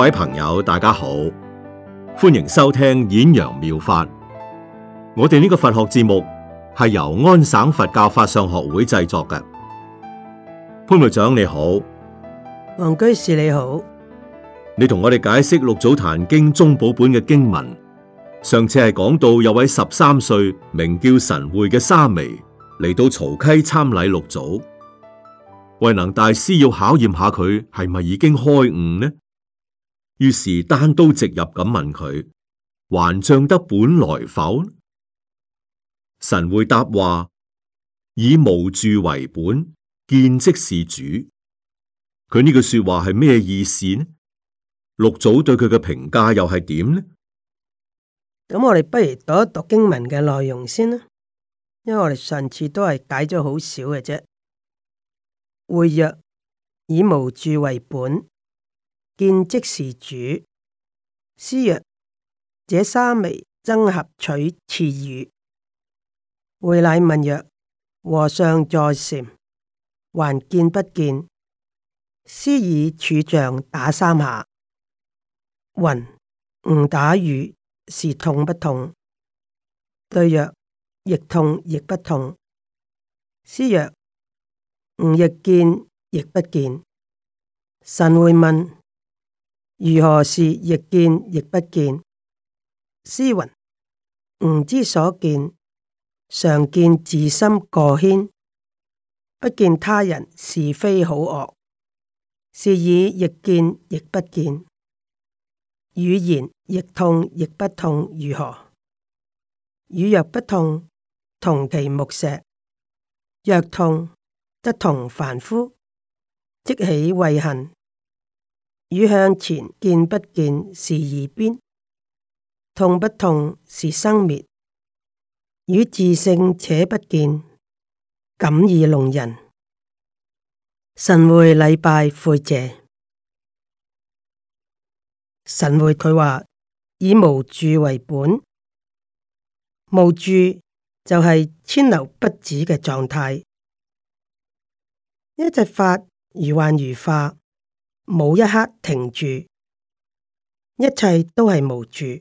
各位朋友，大家好，歡迎收聽演揚妙，妙法。我哋呢個佛學節目係由安省佛教法上學會製作嘅。潘會長你好，黃居士你好，你同我哋解釋六祖壇經中寶本嘅經文。上次係講到有位十三歲，名叫神會嘅沙彌嚟到曹溪參禮六祖，慧能大師要考驗下佢係咪已經開悟呢？於是單刀直入咁問佢，還將得本來否？神會答話：以無住為本，見即是主。佢呢句說話係咩意思呢？六祖對佢嘅評價又係點呢？咁我哋不如讀一讀經文嘅內容先啦，因為我哋上次都係解咗好少嘅啫。會曰以無住為本。見即是主，師曰：這沙彌爭合取次語，會禮問曰：和尚在禪，還見不見？師以柱杖打三下，云：吾打汝是痛不痛？對曰：亦痛亦不痛。師曰：吾亦見亦不見。神會問。如何是亦見亦不見？師云：吾之所見，常見自心過愆，不見他人是非好惡，是以亦見亦不見。汝言亦痛亦不痛，如何？汝若不痛，同其木石；若痛，則同凡夫，即起恚恨。與向前見不見是二邊，痛不痛是生滅，與自性且不見，敢而弄人。神會禮拜悔謝。神會佢話以無住為本，無住就係遷流不止嘅狀態，一即法如幻如化。冇一刻停住，一切都係無住，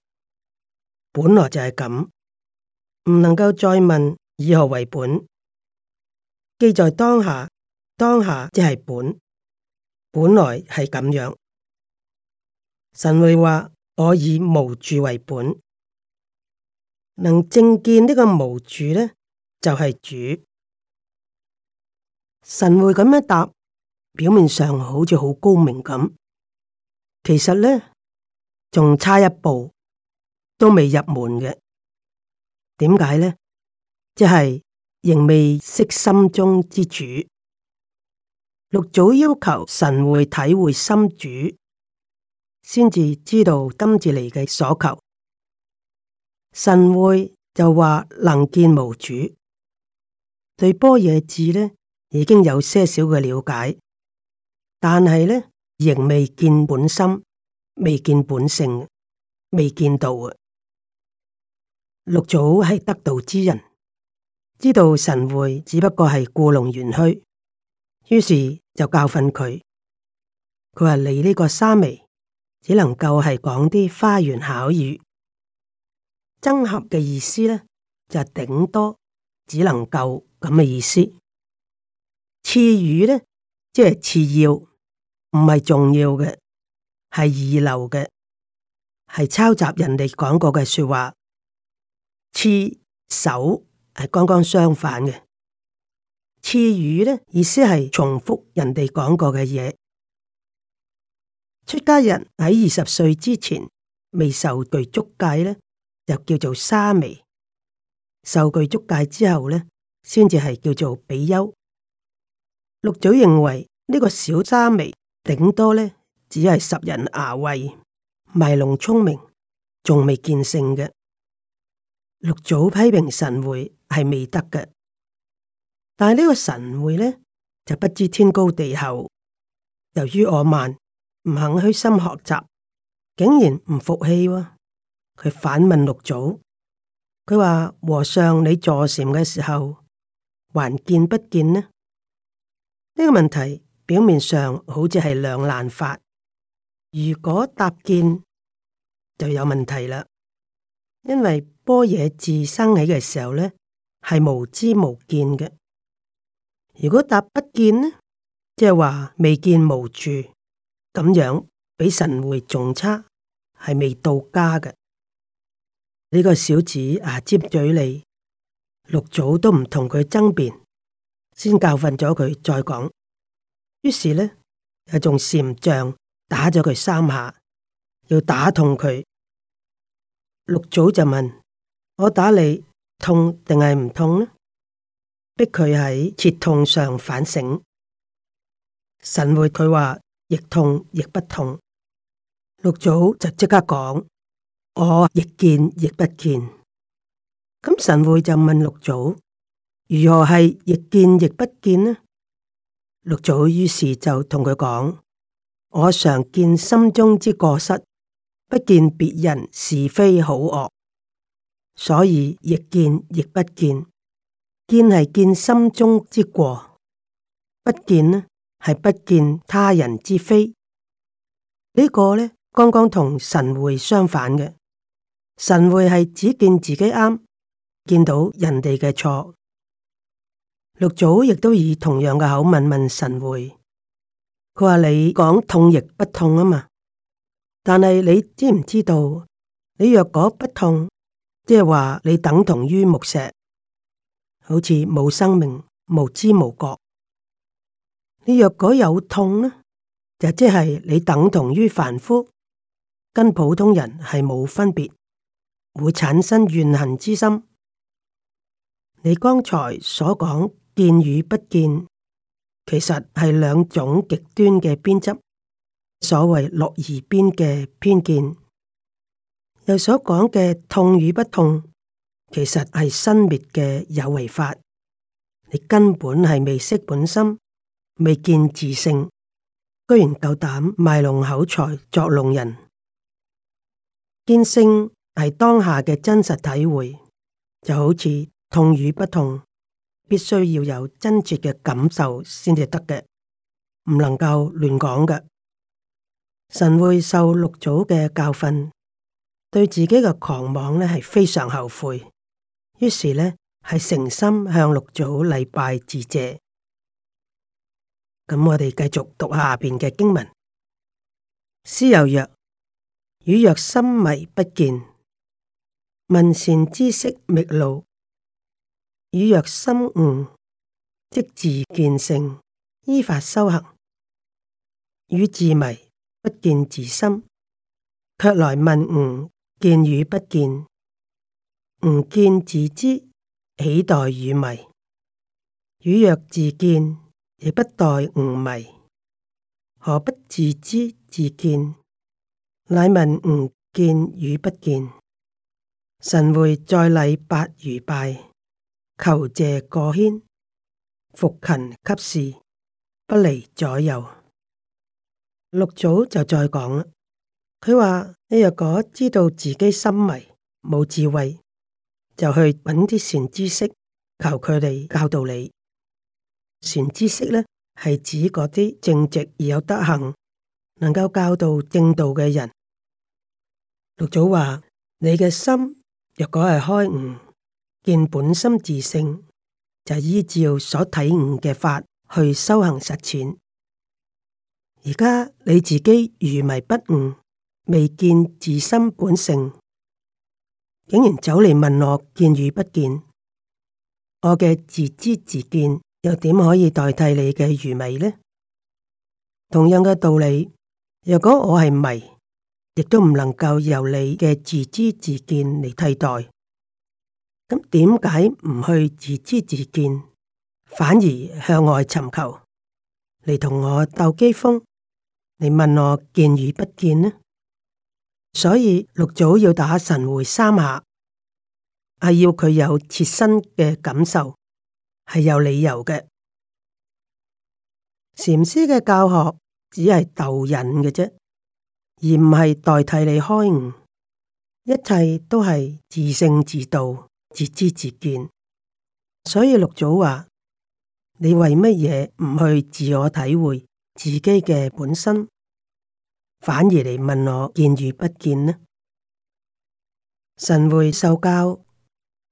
本來就係咁，唔能夠再問以何為本，記在當下，當下即係本，本來係咁樣。神會話：我以無住為本，能正見呢個無住咧，就係主。神會咁樣答。表面上好似好高明咁，其實呢，仲差一步，都未入門嘅。點解呢？即係仍未識心中之主。六祖要求神會體會心主，先至知道今次嚟嘅所求。神會就話能見無主，對般若智呢已經有些少嘅了解。但係咧，仍未見本心，未見本性，未見道啊！六祖係得道之人，知道神會只不過係故弄玄虛，於是就教訓佢。佢話你呢個沙彌，只能夠係講啲花言巧語，爭合嘅意思咧，就是、頂多只能夠咁嘅意思。次語咧，即係次要。唔係重要嘅，係二流嘅，係抄襲人哋講過嘅說話。刺手係剛剛相反嘅。刺語咧，意思係重複人哋講過嘅嘢。出家人喺二十歲之前未受具足戒咧，就叫做沙彌；受具足戒之後咧，先至係叫做比丘。六祖認為呢、這個小沙彌。頂多呢，只係拾人牙慧，賣弄聰明，仲未見性嘅。六祖批評神會係未得嘅，但係呢個神會呢，就不知天高地厚。由於我慢，唔肯虛心學習，竟然唔服氣啊。佢反問六祖，佢話和尚你坐禪嘅時候，還見不見呢？呢個問題。表面上好似係兩難法，如果答見就有問題啦，因為般若自生起嘅時候咧係無知無見嘅，如果答不見呢，即係話未見無住咁樣，比神會仲差，係未到家嘅。呢、這個小子啊，接嘴嚟，六祖都唔同佢爭辯，先教訓咗佢，再講。於是呢，又仲禪杖打咗佢三下，要打痛佢。六祖就問，我打你痛定係唔痛呢？逼佢喺切痛上反省。神會佢話，亦痛亦不痛，六祖就即刻講，我亦見亦不見。咁神會就問六祖，如何係亦見亦不見呢？六祖於是就同佢講：我常見心中之過失，不見別人是非好惡，所以亦見亦不見。見係見心中之過，不見呢係不見他人之非。呢個呢，剛剛同神會相反嘅。神會係只見自己啱，見到人哋嘅錯。六祖亦都以同樣嘅口吻問神會，佢話你講痛亦不痛啊嘛，但係你知唔知道？你若果不痛，即係話你等同於木石，好似冇生命、無知無覺；你若果有痛呢，就即係你等同於凡夫，跟普通人係冇分別，會產生怨恨之心。你剛才所講。見與不見，其實係兩種極端嘅邊執，所謂落二邊嘅偏見，又所講嘅痛與不痛，其實係生滅嘅有為法。你根本係未識本心，未見自性，居然夠膽賣弄口才作弄人。見性係當下嘅真實體會，就好似痛與不痛，必須要有真切嘅感受先至得嘅，唔能夠亂講嘅。神會受六祖嘅教訓，對自己嘅狂妄呢係非常後悔，於是呢，係誠心向六祖禮拜致謝。咁我哋繼續讀下邊嘅經文。師又曰：汝若心迷不見，問善知識覓路。汝若心悟，即自見性，依法修行；汝自迷，不見自心，卻來問吾，見與不見？吾見自知，豈待汝迷？汝若自見，亦不待吾迷，何不自知自見？乃問吾見與不見？神會再禮百餘拜。求謝過牽，服勤給事，不離左右。六祖就再講啦，佢話，你若果知道自己心迷冇智慧，就去揾啲善知識，求佢哋教導你。善知識呢，係指嗰啲正直而有德行，能夠教導正道嘅人。六祖話，你嘅心若果係開悟。見本心自性，就依照所體悟嘅法去修行實踐。而家你自己愚迷不悟，未見自心本性，竟然走嚟問我見與不見？我嘅自知自見又點可以代替你嘅愚昧呢？同樣嘅道理，若果我係迷，亦都唔能夠由你嘅自知自見嚟替代。咁點解唔去自知自見，反而向外尋求，你同我鬥機鋒？你問我見與不見呢？所以六祖要打神會三下，係要佢有切身嘅感受，係有理由嘅。禪師嘅教學只係逗引嘅啫，而唔係代替你開悟，一切都係自性自度。自知自見，所以六祖話：你為乜嘢唔去自我體會自己嘅本身，反而嚟問我見與不見呢？神會受教，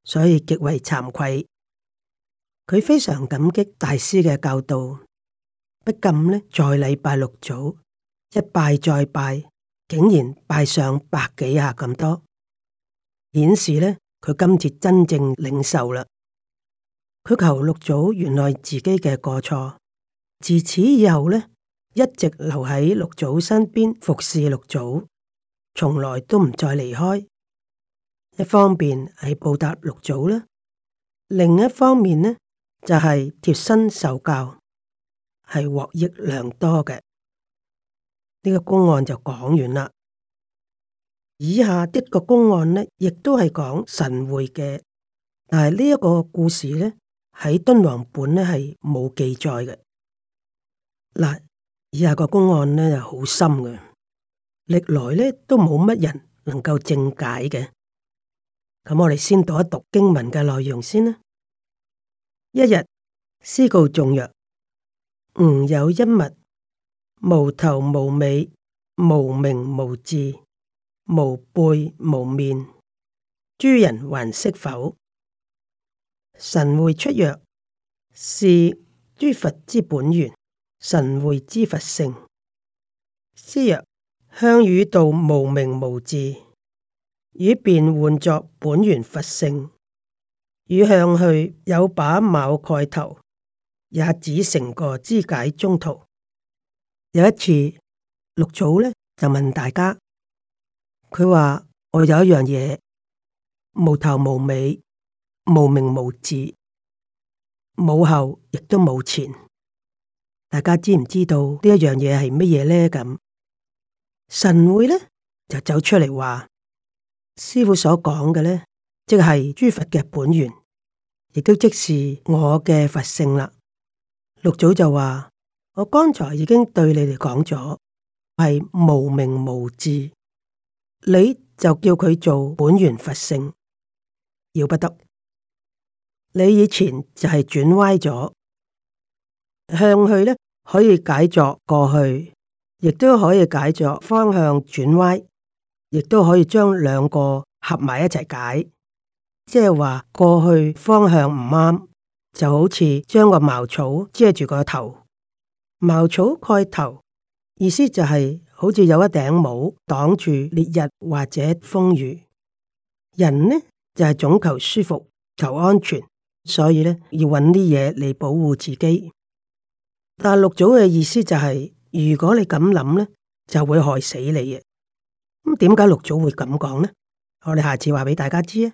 所以極為慚愧。佢非常感激大師嘅教導，不禁呢，在禮拜六祖一拜再拜，竟然拜上百幾下咁多，顯示呢？佢今次真正領受啦，佢求六祖原諒自己嘅過錯。自此以後呢，一直留喺六祖身邊服侍六祖，從來都唔再離開。一方面係報答六祖啦，另一方面呢，就係、是、貼身受教，係獲益良多嘅。呢、這個公案就講完啦。以下的一個公案呢，亦都係講神會嘅，但係呢一個故事呢，喺敦煌本呢係冇記載嘅。嗱，以下個公案呢就好深嘅，歷來呢都冇乜人能夠正解嘅。咁我哋先讀一讀經文嘅內容先啦。一日，師告眾曰：吾有一物，無頭無尾，無名無字。無背無面，諸人還識否？神會出曰：是諸佛之本源，神會之佛性。師曰：向汝道無名無字，以便喚作本源佛性。汝向去有把帽蓋頭，也只成個知解中途。有一次，六祖呢就問大家。佢話我有一樣嘢無頭無尾無名無字冇後亦都冇前，大家知唔知道呢一樣嘢係乜嘢咧？咁神會咧就走出嚟話師傅所講嘅咧，即係諸佛嘅本源，亦都即是我嘅佛性啦。六祖就話我剛才已經對你哋講咗我係無名無字。你就叫佢做本源佛性，要不得。你以前就係轉歪咗，向去呢可以解作過去，亦都可以解作方向轉歪，亦都可以將兩個合埋一齊解，即係話過去方向唔啱，就好似將個茅草遮住個頭，茅草蓋頭，意思就係、是。好似有一頂帽擋住烈日或者風雨，人呢就係總求舒服、求安全，所以呢要揾啲嘢嚟保護自己。但六祖嘅意思就係，如果你咁諗呢，就會害死你啊！咁點解六祖會咁講呢？我哋下次話畀大家知啊。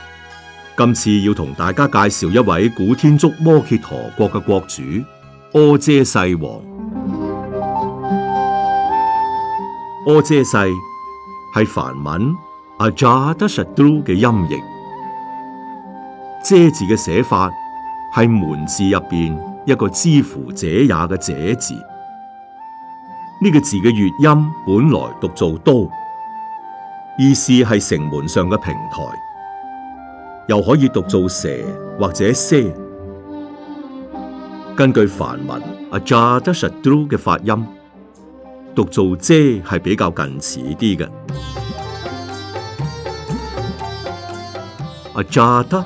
今次要同大家介紹一位古天竺摩羯陀國嘅國主阿闍世王。阿闍世係梵文阿扎達什多嘅音譯。闍字嘅寫法係門字入邊一個之乎者也嘅者字。呢、這個字嘅粵音本來讀做都，意思係城門上嘅平台。又可以讀做蛇或者蛇。根據梵文阿扎德沙多嘅發音，讀做遮係比較近似啲嘅。阿扎德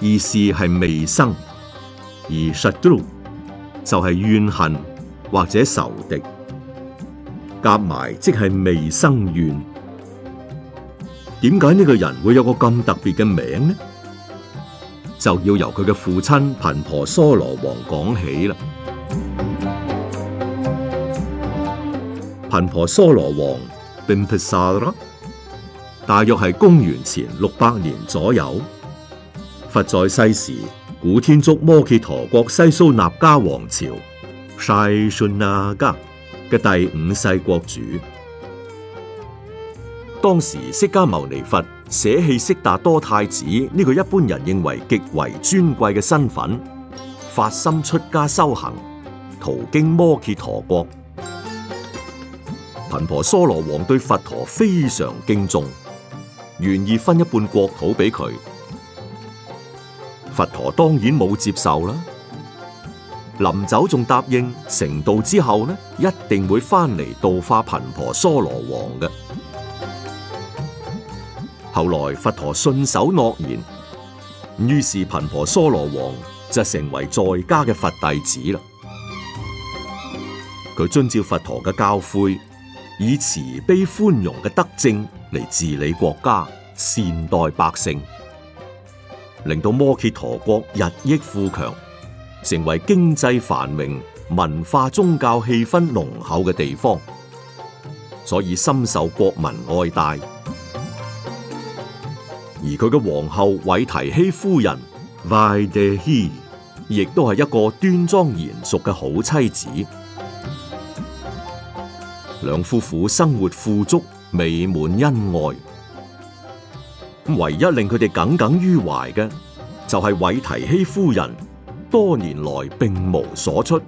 意思係未生，而沙多就係怨恨或者仇敵，夾埋即係未生怨。點解呢個人會有個咁特別嘅名呢？就要由佢嘅父親頻婆娑羅王講起啦。頻婆娑羅王 （Bimbisara） 大約係公元前六百年左右，佛在世時，古天竺摩揭陀國西蘇納加王朝西蘇納格嘅第五世國主，當時釋迦牟尼佛。捨棄悉達多太子呢個一般人認為極為尊貴嘅身份，發心出家修行，途經摩揭陀國，頻婆娑羅王對佛陀非常敬重，願意分一半國土俾佢。佛陀當然冇接受啦。臨走仲答應成道之後呢，一定會翻嚟度化頻婆娑羅王嘅。後來佛陀信守諾言，於是頻婆娑羅王就成為在家嘅佛弟子啦。佢遵照佛陀嘅教誨，以慈悲寬容嘅德政嚟治理國家，善待百姓，令到摩揭陀國日益富強，成為經濟繁榮、文化宗教氣氛濃厚嘅地方，所以深受國民愛戴。而佢嘅皇后韋提希夫人，韋德希，亦都係一個端莊賢淑嘅好妻子。兩夫婦生活富足，美滿恩愛。唯一令佢哋耿耿於懷嘅，就係、是、韋提希夫人多年來並無所出。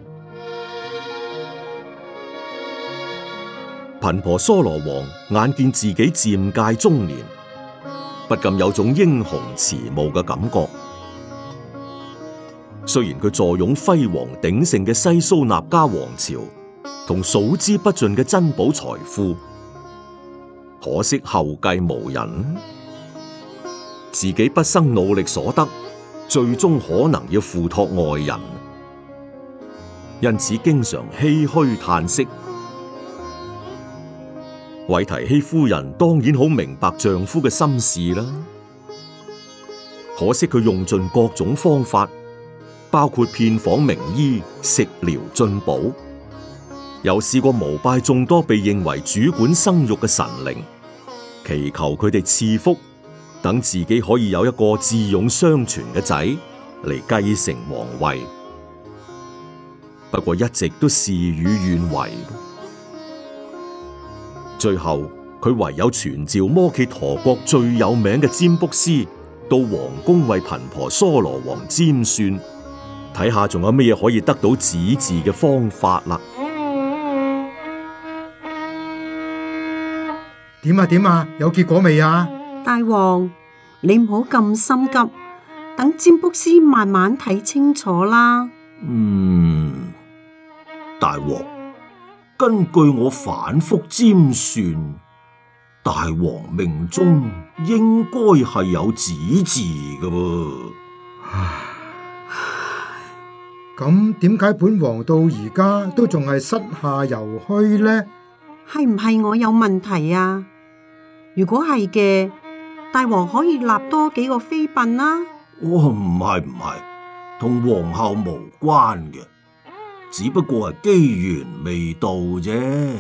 頻婆娑羅王眼見自己漸屆中年。不禁有種英雄遲暮嘅感覺。雖然佢坐擁輝煌鼎盛嘅西蘇納加王朝同數之不盡嘅珍寶財富，可惜後繼無人，自己畢生努力所得，最終可能要付託外人，因此經常唏噓嘆息。韋提希夫人當然好明白丈夫嘅心事啦，可惜佢用盡各種方法，包括遍訪名醫、食療進補，又試過膜拜眾多被認為主管生育嘅神靈，祈求佢哋賜福，等自己可以有一個智勇雙全嘅仔嚟繼承皇位。不過一直都事與願違。最後，佢唯有傳召摩揭陀國最有名嘅占卜師到皇宮為頻婆娑羅王占算，睇下仲有咩嘢可以得到子嗣嘅方法啦。點啊點啊，有結果未啊？大王，你唔好咁心急，等占卜師慢慢睇清楚啦。嗯，大王。根據我反覆占算，大王命中應該係有子嗣噶喎。咁點解本王到而家都仲係膝下猶虛呢？係唔係我有問題啊？如果係嘅，大王可以立多幾個妃嬪啦，啊。哦，唔係唔係，同皇后無關嘅。只不過係機緣未到啫，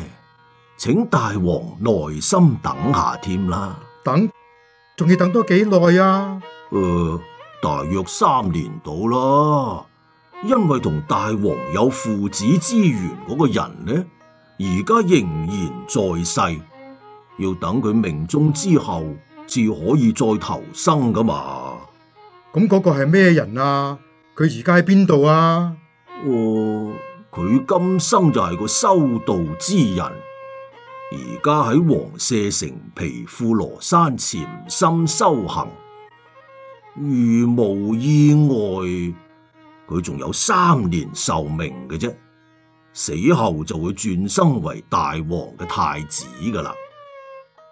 請大王耐心等下添啦。等，仲要等多幾耐啊？誒、呃，大約三年到啦。因為同大王有父子之緣嗰個人呢，而家仍然在世，要等佢命中之後，至可以再投生噶嘛咁嗰個係咩人啊？佢而家喺邊度啊？個佢、哦、今生就係個修道之人，而家喺王舍城毗富羅山潛心修行，如無意外，佢仲有三年壽命嘅啫，死後就會轉生為大王嘅太子噶啦。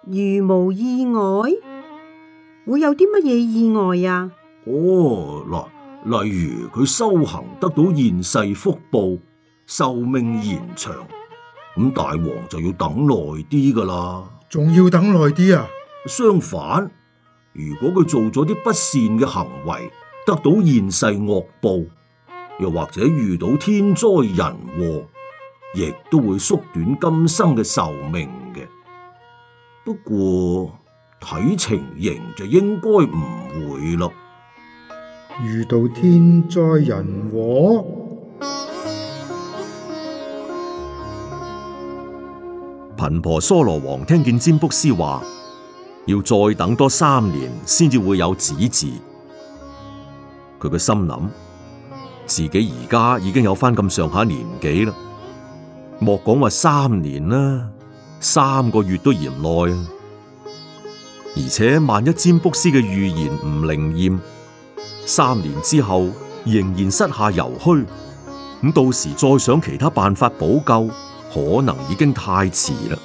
如無意外，會有啲乜嘢意外啊？哦，嗱。例如佢修行得到現世福報，壽命延長，咁大王就要等耐啲㗎喇。仲要等耐啲啊？相反，如果佢做咗啲不善嘅行為，得到現世惡報，又或者遇到天災人禍，亦都會縮短今生嘅壽命嘅。不過睇情形就應該唔會咯。遇到天災人禍，頻婆娑羅王聽見占卜師話，要再等多三年先至會有子嗣。佢嘅心諗，自己而家已經有翻咁上下年紀啦，莫講話三年啦，三個月都嫌耐啊！而且萬一占卜師嘅預言唔靈驗。三年之後仍然膝下猶虛，咁到時再想其他辦法補救，可能已經太遲啦。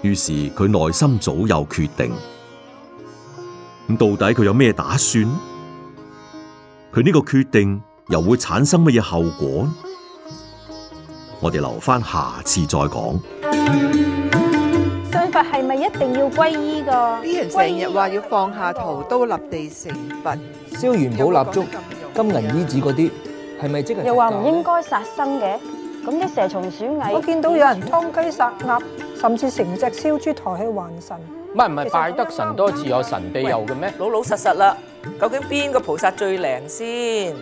於是佢內心早有決定，咁到底佢有咩打算？佢呢個決定又會產生乜嘢後果？我哋留翻下次再講。係咪一定要皈依噶？啲人成日話要放下屠刀，立地成佛，燒元寶蠟燭、金銀衣紙嗰啲，係咪即係？又話唔應該殺生嘅，咁啲蛇蟲鼠蟻，我見到有人劏雞殺鴨，甚至成隻燒豬抬去還神。唔係唔係，拜得神多自有神庇佑嘅咩？老老實實啦，究竟邊個菩薩最靈先？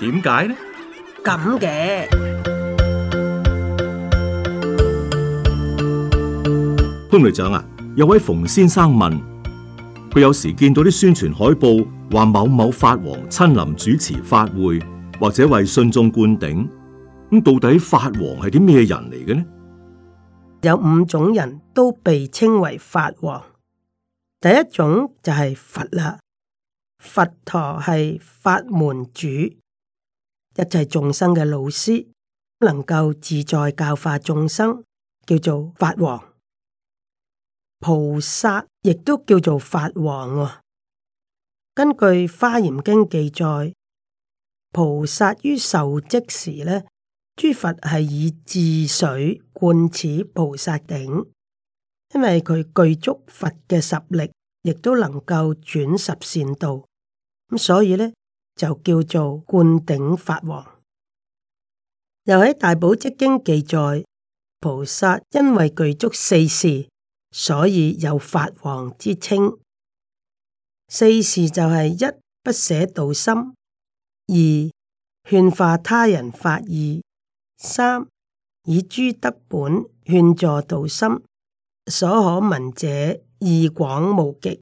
點解呢？咁嘅。張女長啊，有位馮先生問佢，有時見到啲宣傳海報話某某法王親臨主持法會，或者為信眾灌頂。咁、嗯、到底法王係啲咩人嚟嘅呢？有五種人都被稱為法王。第一種就係佛啦，佛陀係法門主，一切眾生嘅老師，能夠自在教化眾生，叫做法王。菩薩亦都叫做法王。根據《華嚴經》記載，菩薩於受職時呢，諸佛係以智水灌此菩薩頂，因為佢具足佛嘅實力，亦都能夠轉十善道，咁所以呢就叫做灌頂法王。又喺《大寶積經》記載，菩薩因為具足四事。所以有法王之稱。四事就係一不捨道心，二勸化他人發意，三以諸德本勸助道心，所可聞者義廣無極。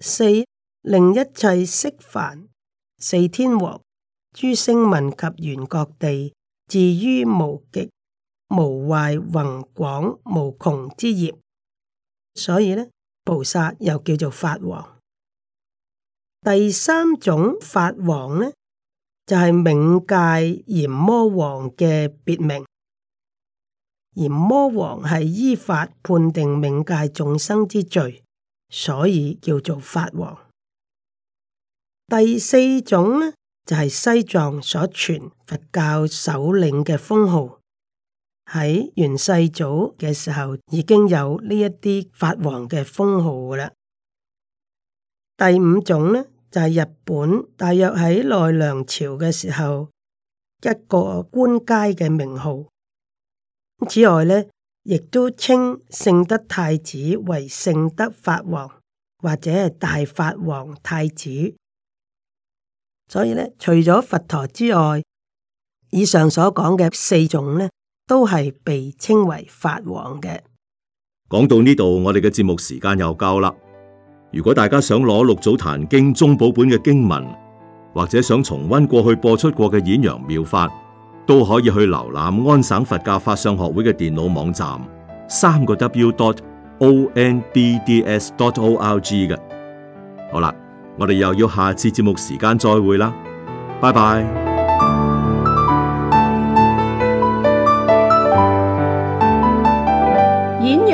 四令一切釋梵四天王諸聲聞及原各地至於無極。無壞宏廣無窮之業，所以呢，菩薩又叫做法王。第三種法王呢，就係、是、冥界閻魔王嘅別名。閻魔王係依法判定冥界眾生之罪，所以叫做法王。第四種呢，就係、是、西藏所傳佛教首領嘅封號。喺元世祖嘅時候已經有呢一啲法王嘅封號啦。第五種呢，就係日本大約喺奈良朝嘅時候一個官階嘅名號。此外呢，亦都稱聖德太子為聖德法王或者係大法王太子。所以呢，除咗佛陀之外，以上所講嘅四種呢。都係被稱為法王嘅。講到呢度，我哋嘅節目時間又夠啦。如果大家想攞六祖壇經宗寶本嘅經文，或者想重温過去播出過嘅演揚妙法，都可以去瀏覽安省佛教法相學會嘅電腦網站，三個 W dot O N B D S dot O L G 嘅。好啦，我哋又要下次節目時間再會啦，拜拜。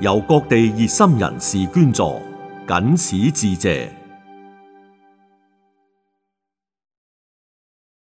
由各地熱心人士捐助，謹此致謝。